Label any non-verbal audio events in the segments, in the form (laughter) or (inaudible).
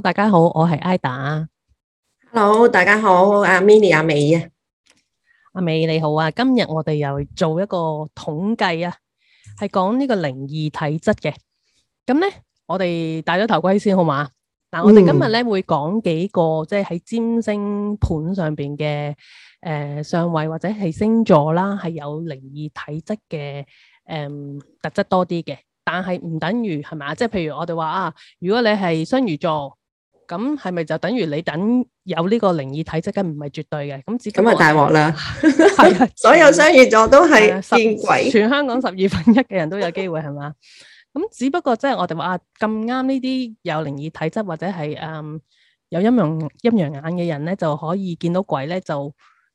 大家好，我係 Ida Hello，大家好，阿 Minnie 阿美啊，阿美你好啊。今日我哋又做一個統計啊，係講呢個靈異體質嘅。咁咧，我哋戴咗頭盔先好嘛？嗱、嗯啊，我哋今日咧會講幾個，即係喺占星盤上邊嘅誒相位，或者係星座啦，係有靈異體質嘅誒、呃、特質多啲嘅。但係唔等於係咪？即係譬如我哋話啊，如果你係雙魚座。咁係咪就等於你等有呢個靈異體質嘅？唔係絕對嘅？咁只咁咪大鑊啦！係 (laughs) 是 (laughs) 所有雙魚座都係見鬼，全香港十二分一嘅人都有機會係嘛？咁 (laughs) 只不過即係我哋話咁啱呢啲有靈異體質或者係嗯有陰陽陰陽眼嘅人咧，就可以見到鬼咧，就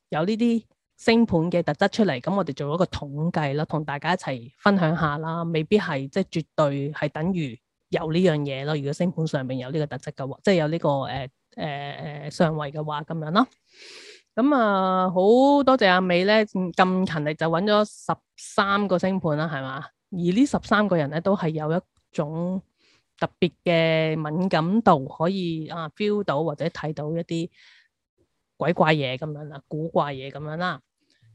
有呢啲星盤嘅特質出嚟。咁我哋做一個統計咯，同大家一齊分享下啦。未必係即係絕對係等於，有呢樣嘢咯，如果星盤上面有呢個特質嘅話，即係有呢個誒誒誒上位嘅話，咁樣咯。咁啊，好多謝阿美咧，咁勤力就揾咗十三個星盤啦，係嘛？而呢十三個人咧，都係有一種特別嘅敏感度，可以啊 feel 到或者睇到一啲鬼怪嘢咁樣啦，古怪嘢咁樣啦。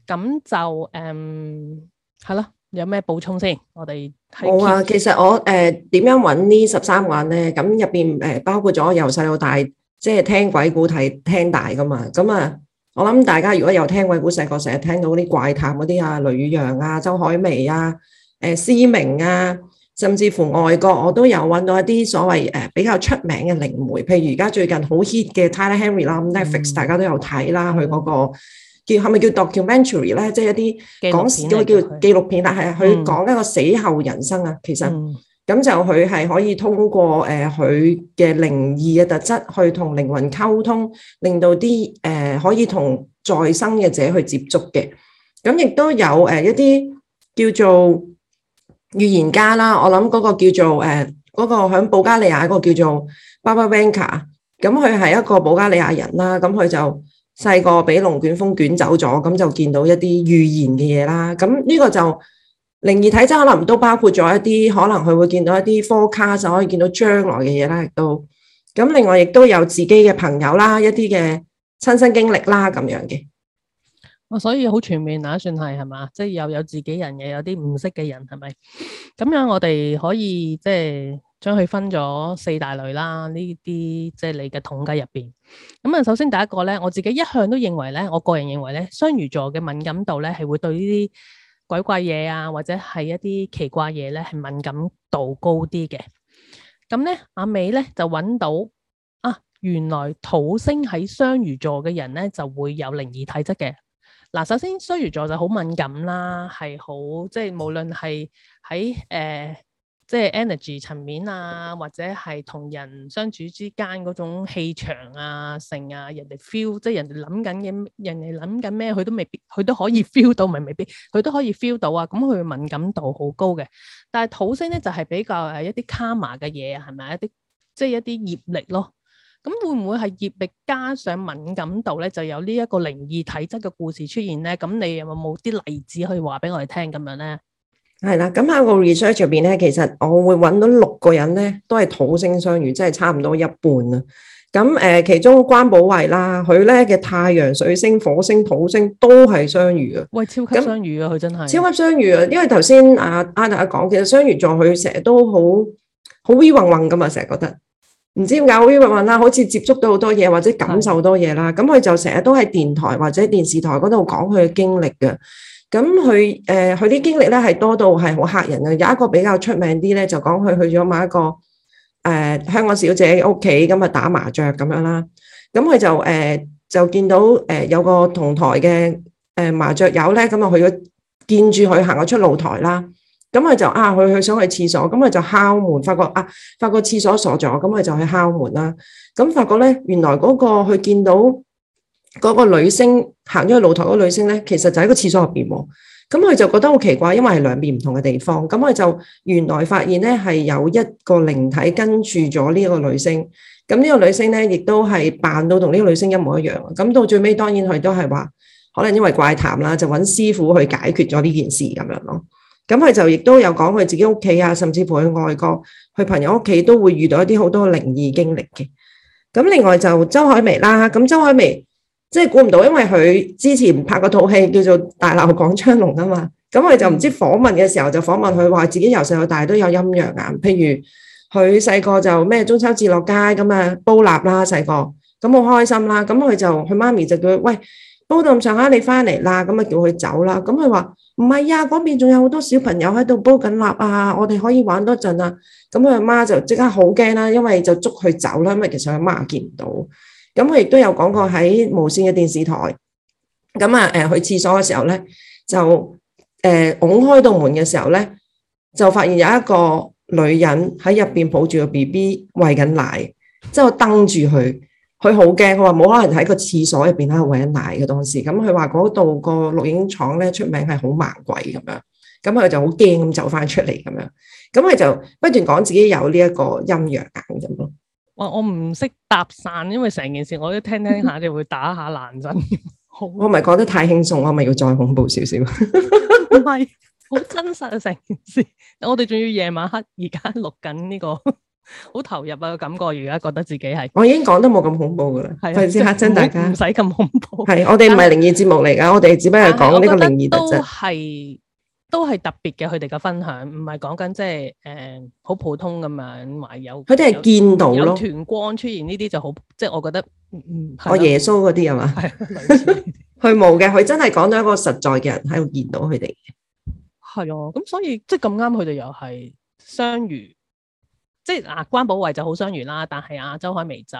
咁就誒，係咯。有咩補充先？我哋冇啊。其實我誒點、呃、樣揾呢十三位咧？咁入邊誒包括咗由細到大，即係聽鬼故睇，聽、聽大噶嘛。咁啊，我諗大家如果有聽鬼故，細個成日聽到啲怪談嗰啲啊，雷宇揚啊、周海媚啊、誒、呃、思、呃、明啊，甚至乎外國，我都有揾到一啲所謂誒、呃、比較出名嘅靈媒。譬如而家最近好 heat 嘅 Tyler Henry 啦、嗯、，Netflix 大家都有睇啦，佢嗰、那個。叫係咪叫 documentary 咧？即係一啲講時叫叫紀錄片，但係佢講一個死後人生啊。其實咁就佢係可以通過誒佢嘅靈異嘅特質去同靈魂溝通，令到啲誒可以同再生嘅者去接觸嘅。咁亦都有誒一啲叫做預言家啦。我諗嗰個叫做誒嗰個響保加利亞嗰個叫做 Baba Vanga。咁佢係一個保加利亞人啦。咁佢就細個俾龍捲風捲走咗，咁就見到一啲預言嘅嘢啦。咁呢個就靈異體質可能都包括咗一啲，可能佢會見到一啲科卡，就可以見到將來嘅嘢啦。亦都咁，另外亦都有自己嘅朋友啦，一啲嘅親身經歷啦，咁樣嘅。啊,所以好全面啊，算係，係嘛，即係又有自己人又，有啲唔識嘅人係咪？咁樣我哋可以即係。將佢分咗四大類啦，呢啲即係你嘅統計入邊。咁啊，首先第一個咧，我自己一向都認為咧，我個人認為咧，雙魚座嘅敏感度咧係會對呢啲鬼怪嘢啊，或者係一啲奇怪嘢咧係敏感度高啲嘅。咁咧，阿美咧就揾到啊，原來土星喺雙魚座嘅人咧就會有靈異體質嘅。嗱，首先雙魚座就好敏感啦，係好即係無論係喺誒。即係 energy 層面啊，或者係同人相處之間嗰種氣場啊、成啊，人哋 feel 即係人哋諗緊嘅人哋諗緊咩，佢都未必，佢都可以 feel 到，咪未必，佢都可以 feel 到啊。咁佢敏感度好高嘅。但係土星咧就係、是、比較誒一啲卡 a 嘅嘢，係咪一啲即係一啲業力咯。咁會唔會係業力加上敏感度咧，就有呢一個靈異體質嘅故事出現咧？咁你有冇冇啲例子可以話俾我哋聽咁樣咧？係啦，咁喺個 research 入邊咧，其實我會揾到六個人咧，都係土星雙魚，即係差唔多一半啦。咁、嗯、誒，其中關寶慧啦，佢咧嘅太陽、水星、火星、土星都係雙魚啊。喂，超級雙魚啊，佢真係。超級雙魚的啊，因為頭先阿阿達講嘅，啊啊、其實雙魚座佢成日都好好 v 混混噶啊，成日覺得唔知點解好 v 混混啦，好似接觸到好多嘢或者感受多嘢啦。咁佢的就成日都喺電台或者電視台嗰度講佢嘅經歷噶。咁佢誒佢啲經歷咧係多到係好嚇人嘅，有一個比較出名啲咧，就講佢去咗某一個誒、呃、香港小姐屋企，咁啊打麻雀咁樣啦。咁佢就誒、呃、就見到誒、呃、有個同台嘅誒麻雀友咧，咁啊去見住佢行咗出露台啦。咁佢就啊，佢佢想去廁所，咁佢就敲門，發覺啊，發覺廁所鎖咗，咁佢就去敲門啦。咁發覺咧，原來嗰個佢見到。嗰個女星行咗去露台，嗰個女星咧，其實就喺個廁所入邊，咁佢就覺得好奇怪，因為係兩邊唔同嘅地方。咁佢就原來發現咧係有一個靈體跟住咗呢個女星，咁呢個女星咧亦都係扮到同呢個女星一模一樣。咁到最尾，當然佢都係話可能因為怪談啦，就揾師傅去解決咗呢件事咁樣咯。咁佢就亦都有講佢自己屋企啊，甚至乎去外國、去朋友屋企都會遇到一啲好多靈異經歷嘅。咁另外就周海媚啦，咁周海媚。即係估唔到，因為佢之前拍過套戲叫做《大鬧廣昌隆》啊嘛，咁佢就唔知訪問嘅時候就訪問佢話自己由細到大都有陰陽眼，啊，譬如佢細個就咩中秋節落街咁啊煲蠟啦，細個咁好開心啦，咁佢就佢媽咪就叫喂，煲到咁上下你翻嚟啦。咁啊叫佢走啦，咁佢話唔係啊，嗰邊仲有好多小朋友喺度煲緊蠟啊，我哋可以玩多陣啊，咁佢啊媽就即刻好驚啦，因為就捉佢走啦，因為其實佢阿媽見唔到。咁佢亦都有講過喺無線嘅電視台，咁啊誒、呃、去廁所嘅時候咧，就誒拱、呃、開道門嘅時候咧，就發現有一個女人喺入邊抱住個 B B 餵緊奶，之後瞪住佢，佢好驚，佢話冇可能喺個廁所入邊喺度餵緊奶嘅當時。咁佢話嗰度個錄影廠咧出名係好猛鬼咁樣，咁佢就好驚咁走翻出嚟咁樣，咁佢就不斷講自己有呢一個陰陽眼咁咯。我我唔識搭散，因為成件事我都聽聽下就會打下冷震。 (laughs) 我唔係講得太輕鬆，我係咪要再恐怖少少。唔係好真實啊！成件事，我哋仲要夜晚黑、這個，而家錄緊呢個好投入啊，個感覺，而家覺得自己係我已經講得冇咁恐怖噶啦，費事吓親大家，唔使咁恐怖。係是是我哋唔係靈異節目嚟噶，我哋只不過係講呢個靈異特質。都都係特別嘅，佢哋嘅分享唔係講緊即係誒好普通咁樣，或有佢哋係見到咯，有團光出現呢啲就好，即係我覺得，嗯，哦耶穌嗰啲係嘛？佢冇嘅，佢真係講咗一個實在嘅人喺度見到佢哋。係啊，咁所以即係咁啱，佢哋又係雙魚，即係嗱關寶慧就好雙魚啦，但係阿周海媚就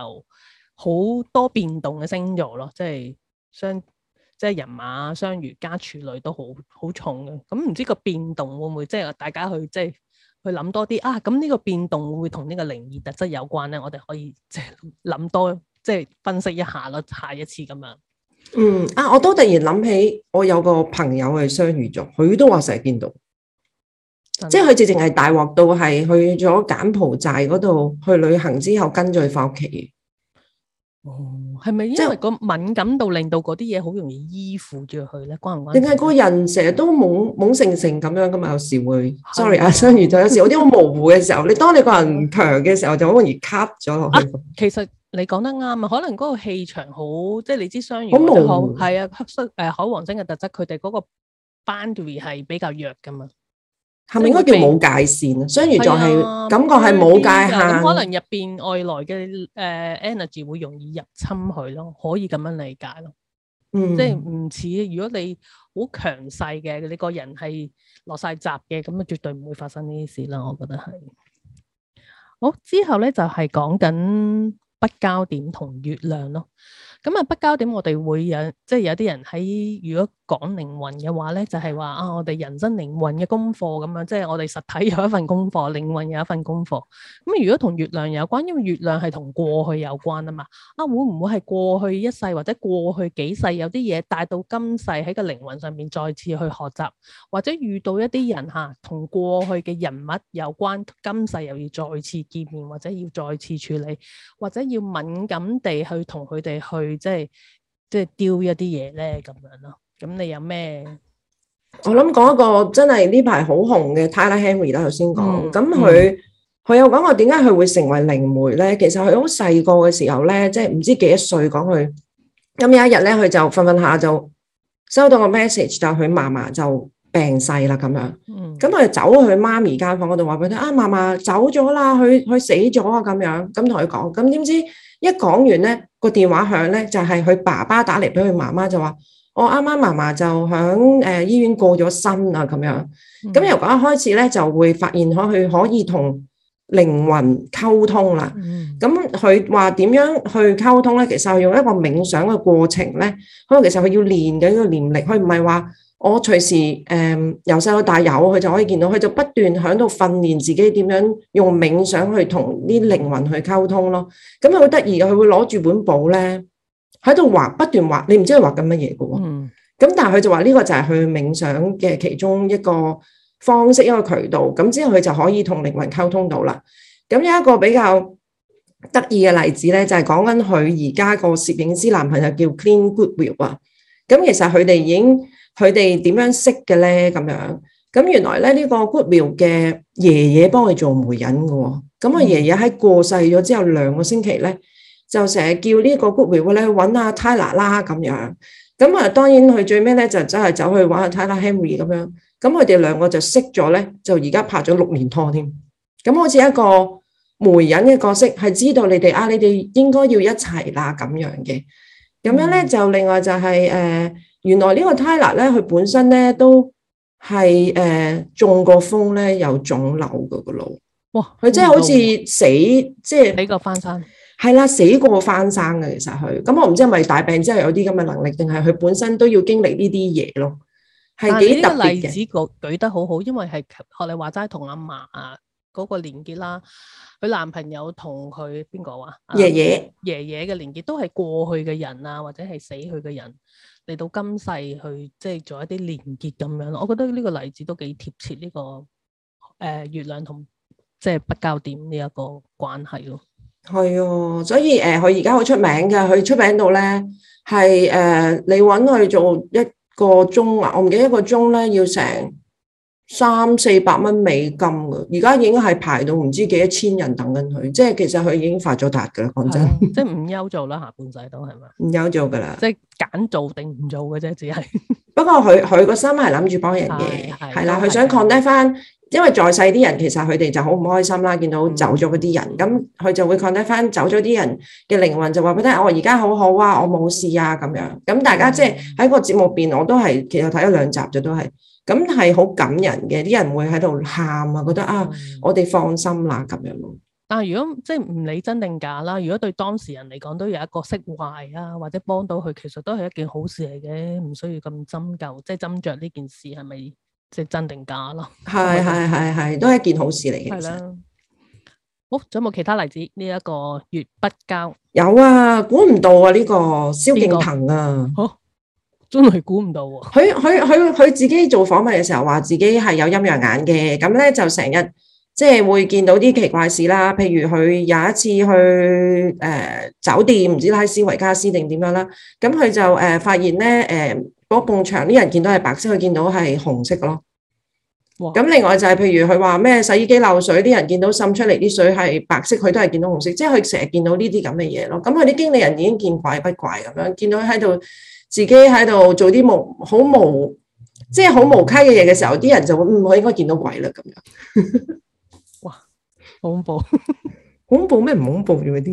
好多變動嘅星座咯，即係雙。即係人馬、雙魚、加處女都好好重嘅，咁唔知個變動會唔會即係大家去即係去諗多啲啊？咁呢個變動會唔會同呢個靈異特質有關咧？我哋可以即係諗多即係、就是、分析一下咯，下一次咁樣。嗯啊，我都突然諗起，我有個朋友係雙魚座，佢都話成日見到，嗯、即係佢直情係大鑊到係去咗柬埔寨嗰度去旅行之後跟住佢翻屋企。哦，係咪、嗯、因為個敏感度令到嗰啲嘢好容易依附住去咧？關唔關？定係個人成日都懵懵性性咁樣噶嘛？有時會的，sorry，阿雙魚就有時有啲好模糊嘅時候， (laughs) 你當你個人強嘅時候就好容易卡咗落去，啊。其實你講得啱啊，可能嗰個氣場好，即係你知雙魚係模啊，黑雙誒，海王星嘅特質，佢哋嗰個 boundary 係比較弱噶嘛。係咪應該叫冇界線啊？雙魚座就係感覺係冇界限，面可能入邊外來嘅誒、呃、energy 會容易入侵佢咯，可以咁樣理解咯。嗯，即係唔似如果你好強勢嘅，你個人係落晒閘嘅，咁啊絕對唔會發生呢啲事啦。我覺得係。好之後咧就係講緊北交點同月亮咯。咁啊，北交點我哋會有，即係有啲人喺如果講靈魂嘅話咧，就係、是、話啊，我哋人生靈魂嘅功課咁樣，即係我哋實體有一份功課，靈魂有一份功課。咁、嗯、如果同月亮有關，因為月亮係同過去有關啊嘛，啊會唔會係過去一世或者過去幾世有啲嘢帶到今世喺個靈魂上面再次去學習，或者遇到一啲人吓，同、啊、過去嘅人物有關，今世又要再次見面，或者要再次處理，或者要敏感地去同佢哋去。佢即係即係丟一啲嘢咧，咁樣咯，咁你有咩？我諗講一個真係呢排好紅嘅 Tyler Henry 啦，頭先講，咁佢佢又講我點解佢會成為靈媒咧？其實佢好細個嘅時候咧，即係唔知幾多歲講佢，咁有一日咧，佢就瞓瞓下就收到個 message，就佢嫲嫲就病逝啦咁樣。嗯，咁佢就走去媽咪間房嗰度話俾佢聽，啊嫲嫲走咗啦，佢佢死咗啊咁樣，咁同佢講，咁點知？一講完咧，個電話響咧，就係、是、佢爸爸打嚟俾佢媽媽就話，我啱啱媽媽就響誒、呃、醫院過咗身啊，咁樣。咁、嗯、由果一開始咧，就會發現可佢可以同靈魂溝通啦。咁佢話點樣去溝通咧？其實係用一個冥想嘅過程咧。可能其實佢要練嘅呢個念力，佢唔係話。我隨時誒，由細到大有佢就可以見到，佢就不斷喺度訓練自己點樣用冥想去同啲靈魂去溝通咯。咁佢好得意，佢會攞住本簿咧喺度畫，不斷畫。你唔知佢畫緊乜嘢㗎喎。咁但係佢就話呢個就係佢冥想嘅其中一個方式，一個渠道。咁之後佢就可以同靈魂溝通到啦。咁有一個比較得意嘅例子咧，就係講緊佢而家個攝影師男朋友叫 Clean Goodwill 啊。咁其實佢哋已經。佢哋點樣識嘅咧？咁樣，咁原來咧，呢個 Gubriel 嘅爺爺幫佢做媒人嘅喎。咁啊爺爺喺過世咗之後兩個星期咧，就成日叫呢個 Gubriel 咧去搵阿 Tyler 啦咁樣。咁啊當然佢最尾咧就真係走去搵阿 Tyler Henry 咁樣。咁佢哋兩個就識咗咧，就而家拍咗六年拖添。咁好似一個媒人嘅角色，係知道你哋啊你哋應該要一齊啦咁樣嘅。咁樣咧就另外就係、是、誒、呃，原來呢個 Tyler 咧佢本身咧都係誒、呃、中過風咧，有腫瘤個個腦，哇！佢真係好似死、啊、即係是死過翻生，係啦、啊，死過翻生嘅其實佢。咁我唔知係咪大病之後有啲咁嘅能力，定係佢本身都要經歷呢啲嘢咯？係幾特別嘅。例子舉舉得好好，因為係學你話齋同阿嫲嗰個連結啦。佢男朋友同佢邊個啊？爺爺、爺爺嘅連結都係過去嘅人啊，或者係死去嘅人嚟到今世去，即係做一啲連結咁樣咯。我覺得呢個例子都幾貼切呢，這個誒、呃、月亮同即係北交點呢一個關係咯。係啊，哦，所以誒，佢而家好出名嘅，佢出名到咧係誒，你搵佢做一個鐘啊，我唔記得一個鐘咧要成。三四百蚊美金嘅，而家已經係排到唔知幾多千人等緊佢，即係其實佢已經發咗達㗎喇。講真，即係唔休 (laughs) 做啦，下半世都係嘛？唔休做㗎喇，即係揀做定唔做嘅啫，只係。 (laughs) 不過佢佢個心係諗住幫人嘅，係啦，佢想 contact 翻，因為在世啲人其實佢哋就好唔開心啦，見到走咗嗰啲人，咁佢、嗯、就會 contact 翻走咗啲人嘅靈魂，就話佢哋聽我而家好好啊，我冇事啊咁樣。咁大家即係喺個節目邊，我都係其實睇咗兩集嘅都係。都咁係好感人嘅，啲人會喺度喊啊，覺得啊，我哋放心啦咁樣。但係如果即係唔理真定假啦，如果對當事人嚟講，都有一個釋懷啊，或者幫到佢，其實都係一件好事嚟嘅，唔需要咁針灸，即係斟酌呢件事係咪即係真定假咯？係係係係，都係一件好事嚟嘅。係啦。好，仲有冇其他例子？呢一個月北交有啊，估唔到啊，呢個蕭敬騰啊。真係估唔到喎、啊！佢佢佢佢自己做訪問嘅時候，話自己係有陰陽眼嘅，咁咧就成日即係會見到啲奇怪事啦。譬如佢有一次去誒、呃、酒店，唔知拉斯維加斯定點樣啦，咁佢就誒、呃、發現咧，誒嗰埲牆啲人見到係白色，佢見到係紅色咯。咁哇另外就係譬如佢話咩洗衣機漏水，啲人見到滲出嚟啲水係白色，佢都係見到紅色，即係佢成日見到呢啲咁嘅嘢咯。咁佢啲經理人已經見怪不怪咁樣，見到喺度。自己喺度做啲無好無即係好無稽嘅嘢嘅時候，啲人就會唔會應該見到鬼啦咁樣。 (laughs) 哇，恐怖！恐怖咩唔恐怖？因啲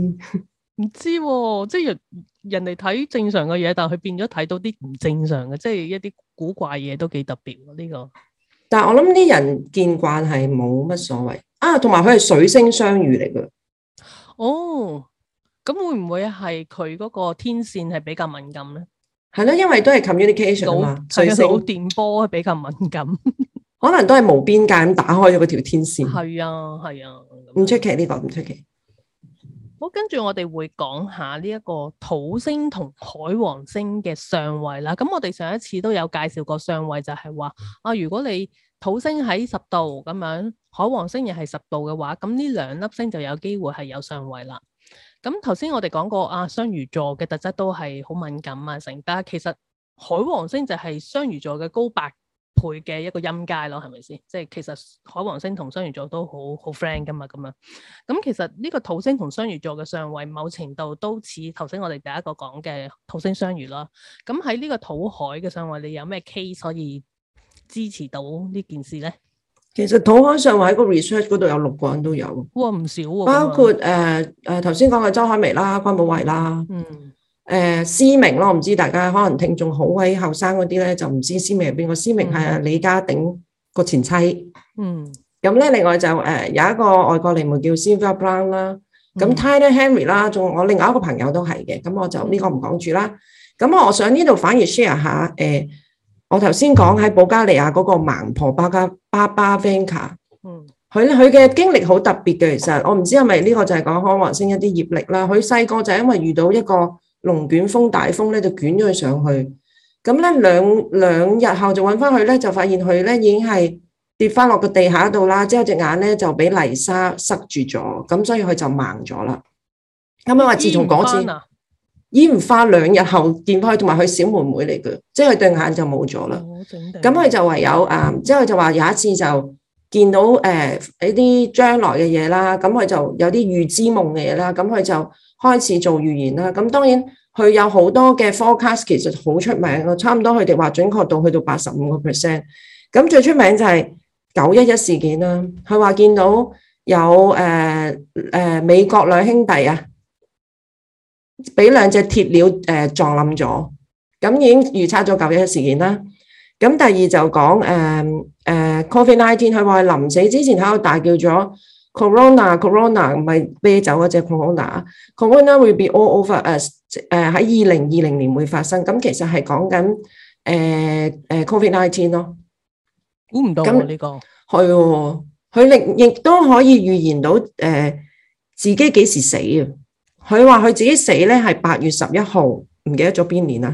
唔知、啊、即係人人哋睇正常嘅嘢，但佢變咗睇到啲唔正常嘅，即係一啲古怪嘢都幾特別。呢、這個但係我諗啲人見慣係冇乜所謂啊，同埋佢係水星雙魚嚟嘅。哦，咁會唔會係佢嗰個天綫係比較敏感咧？係咯，因為都係 communication 到，嘛，水星老電波比較敏感， (laughs) 可能都係無邊界咁打開咗嗰條天線。係啊，係啊，唔出奇呢、呢個唔出奇。好，跟住我哋會講下呢一個土星同海王星嘅相位啦。咁我哋上一次都有介紹過相位就，就係話啊，如果你土星喺十度咁樣，海王星亦係十度嘅話，咁呢兩粒星就有機會係有相位啦。咁頭先我哋講過啊，雙魚座嘅特質都係好敏感啊，成家。其實海王星就係雙魚座嘅高百倍嘅一個音界咯，係咪先？即係其實海王星同雙魚座都好好 friend 噶嘛，咁啊。咁、嗯、其實呢個土星同雙魚座嘅相位，某程度都似頭先我哋第一個講嘅土星雙魚咯。咁喺呢個土海嘅相位，你有咩 case 可以支持到呢件事咧？其實土康上喎喺個 research 嗰度，有六個人都有，哇，唔少喎、啊。包括誒誒，頭先講嘅周海媚啦，關寶慧啦，嗯，誒、呃，思明咯，我唔知大家可能聽眾好喺後生嗰啲咧就唔知思明係邊個，思、嗯、明係李家鼎個前妻，嗯，咁咧另外就誒、呃、有一個外國靈媒叫 Sylvia Brown 啦，咁、嗯、Tyler Henry 啦，仲我另外一個朋友都係嘅，咁我就呢個唔講住啦，咁我我想呢度反而 share 下誒。呃我頭先講喺保加利亞嗰個盲婆巴加巴巴芬卡，嗯，佢佢嘅經歷好特別嘅，其實我唔知係咪呢個就係講康華星一啲業力啦。佢細個就因為遇到一個龍捲風大風咧，就捲咗佢上去。咁咧兩兩日後就揾翻佢咧，就發現佢咧已經係跌翻落個地下度啦，之後隻眼咧就俾泥沙塞住咗，咁所以佢就盲咗啦。啱啱話自從嗰次。已唔花兩日後見翻佢，同埋佢小妹妹嚟嘅，即係佢對眼就冇咗啦。咁佢、嗯、就唯有啊，之後、嗯、就話有一次就見到誒一啲將來嘅嘢啦，咁佢就有啲預知夢嘅嘢啦，咁佢就開始做預言啦。咁當然佢有好多嘅 forecast 其實好出名啊，差唔多佢哋話準確度去到八十五個 percent。咁最出名就係九一一事件啦，佢話見到有誒誒、呃呃、美國兩兄弟啊。俾兩隻鐵鳥誒撞冧咗，咁已經預測咗九一一事件啦。咁第二就講誒誒，Covid nineteen，佢話臨死之前喺度大叫咗 Corona，Corona 唔係啤酒嗰隻 Corona，Corona will be all over us。誒喺二零二零年會發生，咁其實係講緊誒誒 Covid nineteen 咯。估唔到喎呢個，佢佢亦亦都可以預言到誒自己幾時死啊？佢話佢自己死咧，係八月十一號，唔記得咗邊年啦。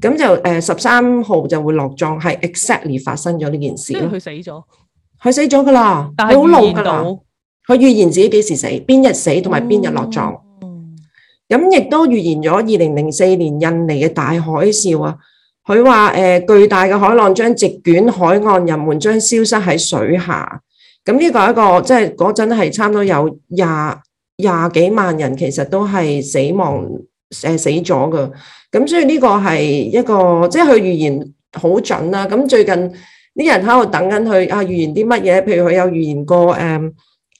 咁就誒十三號就會落葬，係 exactly 發生咗呢件事。佢死咗，佢死咗噶啦，好老噶佢，預言自己幾時死，邊日死同埋邊日落葬。咁亦、哦、都預言咗二零零四年印尼嘅大海嘯啊。佢話誒，巨大嘅海浪將席捲海岸，人們將消失喺水下。咁呢個一個即係嗰陣係差唔多有廿。廿幾萬人其實都係死亡誒、呃、死咗嘅，咁所以呢個係一個即係佢預言好準啦、啊。咁最近啲人喺度等緊佢啊預言啲乜嘢？譬如佢有預言過誒。呃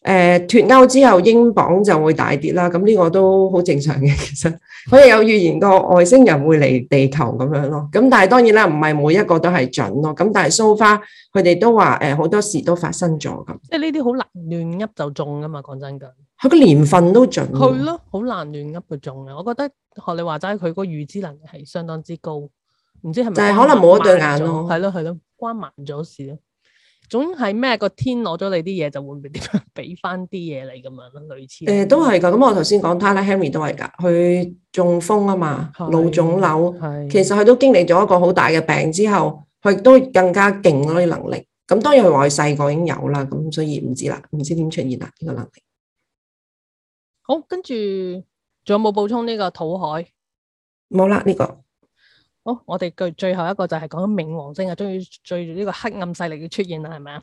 誒，脫歐之後英鎊就會大跌啦，咁呢個都好正常嘅。其實我哋有預言過外星人會嚟地球咁樣咯，咁但係當然啦，唔係每一個都係準咯。咁但係蘇花佢哋都話，誒，好多事都發生咗咁。即係呢啲好難亂噏就中噶嘛，講真句。佢個年份都準。係咯，好難亂噏就中嘅。我覺得學你話齋，佢嗰個預知能力係相當之高，唔知係咪？就係可能冇一對眼咯。係咯係咯，關盲咗事。總係咩個天攞咗你啲嘢就會唔會點樣俾翻啲嘢你咁樣咯，類似。誒、呃，都係噶。咁我頭先講 Tyler Henry 都係噶。佢中風啊嘛，腦腫瘤，其實佢都經歷咗一個好大嘅病之後，佢都更加勁嗰啲能力。咁當然佢話佢細個已經有啦，咁所以唔知啦，唔知點出現啦呢、這個能力。好，跟住仲有冇補充呢個土海？冇啦呢個。好、哦，我哋最最後一個就係講冥王星啊，終於追住呢個黑暗勢力嘅出現啦，係咪啊？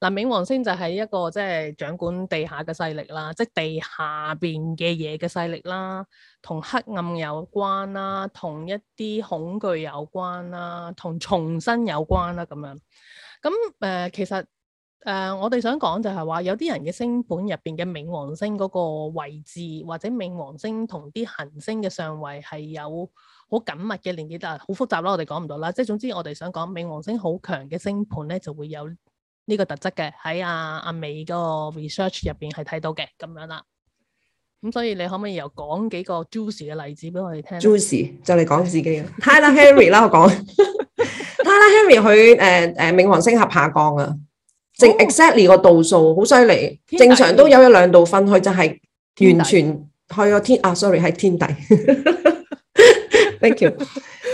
嗱，冥王星就係一個即係掌管地下嘅勢力啦，即、就、係、是、地下邊嘅嘢嘅勢力啦，同黑暗有關啦，同一啲恐懼有關啦，同重生有關啦，咁樣。咁誒、呃，其實誒、呃，我哋想講就係話，有啲人嘅星盤入邊嘅冥王星嗰個位置，或者冥王星同啲行星嘅上位係有。好緊密嘅年紀就係好複雜啦，我哋講唔到啦。即係總之，我哋想講冥王星好強嘅星盤咧，就會有呢個特質嘅喺阿阿美個 research 入邊係睇到嘅咁樣啦。咁所以你可唔可以又講幾個 Juicy 嘅例子俾我哋聽？Juicy 就嚟講自己啦，Tyler Henry 啦，我講 Tyler Henry 佢誒誒冥王星合下降啊，正 exactly 個度數好犀利，正常都有一兩度分，佢就係完全去個天啊，sorry 係天底。Thank you，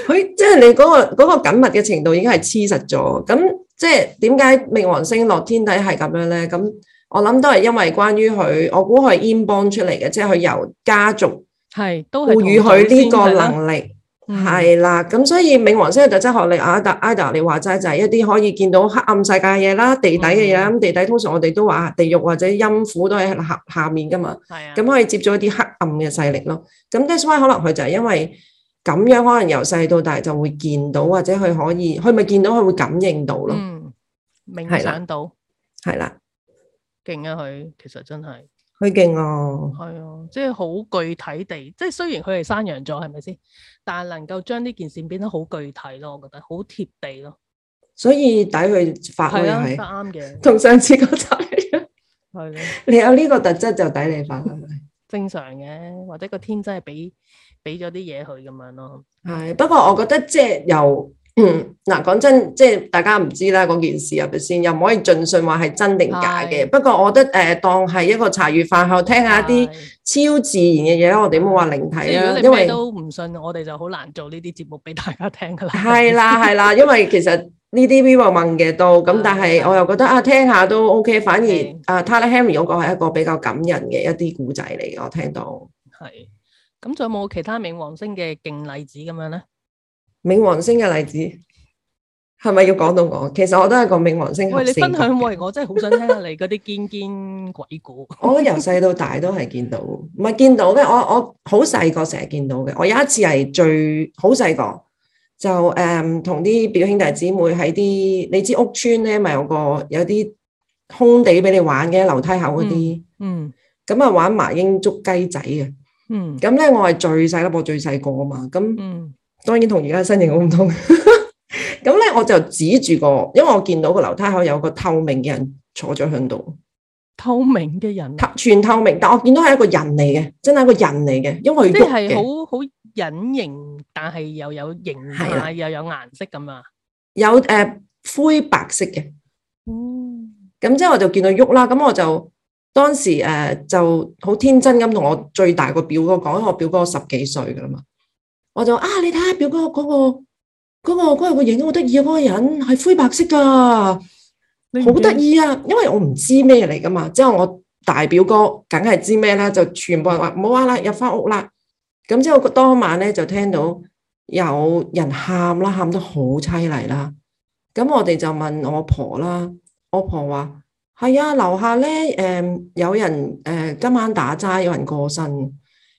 佢 (laughs) 即係你嗰、那個嗰、那個緊密嘅程度已經係黐實咗，咁即係點解冥王星落天底係咁樣咧？咁我諗都係因為關於佢，我估佢係煙幫出嚟嘅，即係佢由家族係賦予佢呢個能力，係啦。咁所以冥王星嘅特質學力阿達阿達，你話齋就係、是、一啲可以見到黑暗世界嘅嘢啦，地底嘅嘢，咁地底通常我哋都話地獄或者陰府都喺下下面噶嘛，咁的、嗯、可以接咗一啲黑暗嘅勢力咯。咁 that's why 可能佢就係因為。咁樣可能由細到大就會見到，或者佢可以，佢咪見到佢會感應到咯，明係想到，係啦，勁啊！佢其實真係，佢勁啊，係啊，即係好具體地，即係雖然佢係山羊座係咪先，但係能夠將呢件事變得好具體咯，我覺得好貼地咯。所以抵佢發開係啱嘅，同上次嗰集係你有呢個特質就抵你發係咪？正常嘅，或者個天真係俾。俾咗啲嘢佢咁樣咯，係不過我覺得即係由嗯嗱，講真，即係大家唔知啦嗰件事入邊先，又唔可以盡信話係真定假嘅。不過我覺得誒當係一個茶餘飯後聽下啲超自然嘅嘢啦，我哋冇話靈體，因為都唔信，我哋就好難做呢啲節目俾大家聽噶啦。係啦係啦，因為其實呢啲 Vivo 問嘅都，咁但係我又覺得啊聽下都 OK，反而的啊 Terry Henry 嗰個係一個比較感人嘅一啲故仔嚟嘅，我聽到係。咁仲有冇其他冥王星嘅勁例子咁樣咧？冥王星嘅例子係咪要講到我？其實我都係個冥王星。喂，你分享喂，我真係好想聽下你嗰啲堅堅鬼故。我由細到大都係見到，唔係見到咩？我我好細個成日見到嘅。我有一次係最好細個，就誒、嗯、同啲表兄弟姊妹喺啲你知屋村咧，咪有個有啲空地俾你玩嘅樓梯口嗰啲，嗯。嗯。咁啊，玩麻鷹捉雞仔嘅。嗯，咁咧我係最細粒，我最細個啊嘛，咁、嗯、當然同而家嘅身形好唔同。咁咧我就指住個，因為我見到個樓梯口有個透明嘅人坐咗喺度。透明嘅人、啊，全透明，但我見到係一個人嚟嘅，真係一個人嚟嘅，因為即係好好隱形，但係又有形下，係啦又有顏色噶嘛。有誒、呃、灰白色嘅，嗯，咁即係我就見到喐啦，咁我就。當時誒就好天真咁同我最大個表哥講，因為我表哥十幾歲噶啦嘛，我就啊，你睇下表哥嗰個、嗰個、嗰個影好得意，嗰個人係灰白色噶，好得意啊！因為我唔知咩嚟噶嘛，之後我大表哥梗係知咩啦，就全部人話唔好話啦，入翻屋啦。咁之後當晚咧就聽到有人喊啦，喊得好淒厲啦。咁我哋就問我婆啦，我婆話。係啊，樓下咧，誒、呃，有人誒、呃，今晚打齋，有人過身，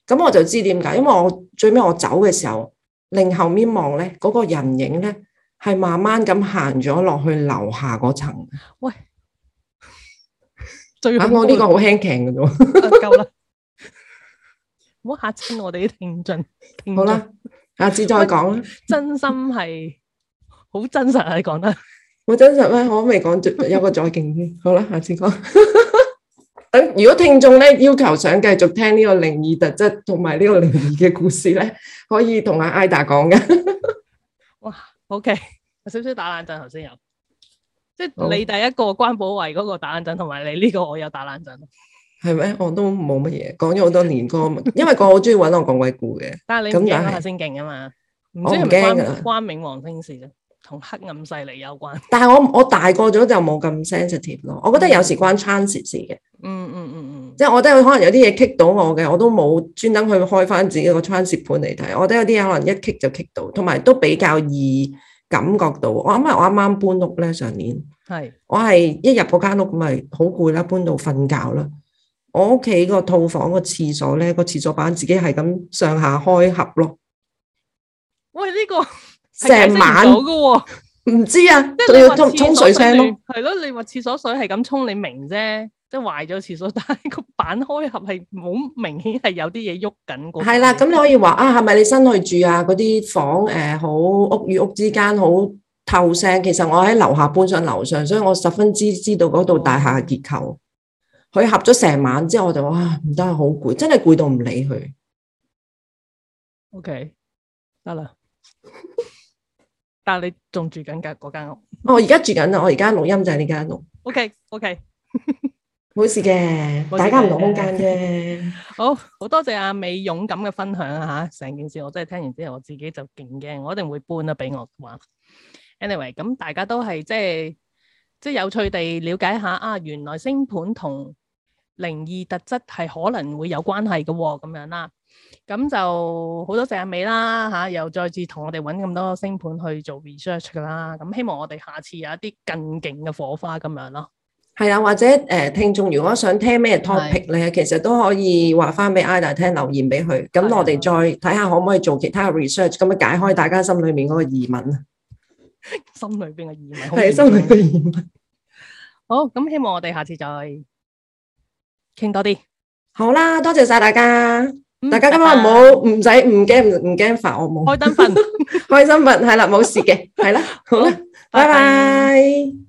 咁我就知點解，因為我最尾我走嘅時候，令後面望咧，嗰、那個人影咧，係慢慢咁行咗落去樓下嗰層。喂，最啊，我呢個好輕強嘅啫，夠啦，唔好嚇親我哋啲聽眾，好啦，下次再講啦。真心係好 (laughs) 真實啊，你講得。我真實咩？我都未講，再有個再勁啲。好啦，下次講。等如果聽眾咧要求想繼續聽呢個靈異特質同埋呢個靈異嘅故事咧，可以同阿艾達講嘅。哇，OK，我少少打冷震頭先有，即係你第一個關寶慧嗰個打冷震，同埋你呢個我有打冷震，係咩？我都冇乜嘢，講咗好多年歌，因為個我好中意搵我講鬼故嘅。但係你贏下先勁啊嘛，唔知關關冥王星事咧。同黑暗勢力有關，但係我我大個咗就冇咁 sensitive 咯。嗯、我覺得有時關 transit 事嘅，嗯嗯嗯嗯，即係我覺得可能有啲嘢棘到我嘅，我都冇專登去開翻自己個 transit 盤嚟睇。我覺得有啲可能一棘就棘到，同埋都比較易感覺到。我啱啱我啱啱搬屋咧，上年係是我係一入嗰間屋咪好攰啦，搬到瞓覺啦。我屋企個套房個廁所咧，個廁所板自己係咁上下開合咯。喂，呢個。成晚咗唔知啊，即你要沖沖水聲咯。係咯，你話廁所水係咁沖，你明啫。即係壞咗廁所，但係個板開合係好明顯係有啲嘢喐緊。係啦，咁你可以話啊，係咪你新去住啊？嗰啲房誒、呃，好屋與屋之間好透聲。其實我喺樓下搬上樓上，所以我十分之知道嗰度大廈嘅結構。佢合咗成晚之後，我就哇唔得，好、啊、攰，真係攰到唔理佢。OK，得啦。 (laughs) 但你仲住緊架嗰間屋？哦，我而家住緊啊！我而家錄音就係呢間屋。OK，OK，冇事嘅，大家唔同空間啫。好，好多謝阿美勇敢嘅分享吓，成件事我真係聽完之後我自己就勁驚，我一定會搬啊俾我嘅話。Anyway，咁大家都係即係即係有趣地了解下啊，原來星盤同靈異特質係可能會有關係嘅咁樣啦。咁就好多謝阿美啦吓、啊，又再次同我哋揾咁多星盤去做 research 噶啦，咁、啊、希望我哋下次有一啲更勁嘅火花咁樣咯。係啊，或者誒、呃，聽眾如果想聽咩 topic 咧，的其實都可以話翻俾 Aida 聽，留言俾佢，咁的我哋再睇下可唔可以做其他 research，咁樣解開大家心裏面嗰個疑問啊 (laughs) 心裏邊嘅疑問係心裏嘅疑問。好，咁希望我哋下次再傾多啲。好啦，多謝晒大家。大家今晚唔好，唔使唔驚，唔驚煩我好，開燈瞓，開心瞓。係啦，冇事嘅，係啦，好啦，拜拜。拜拜。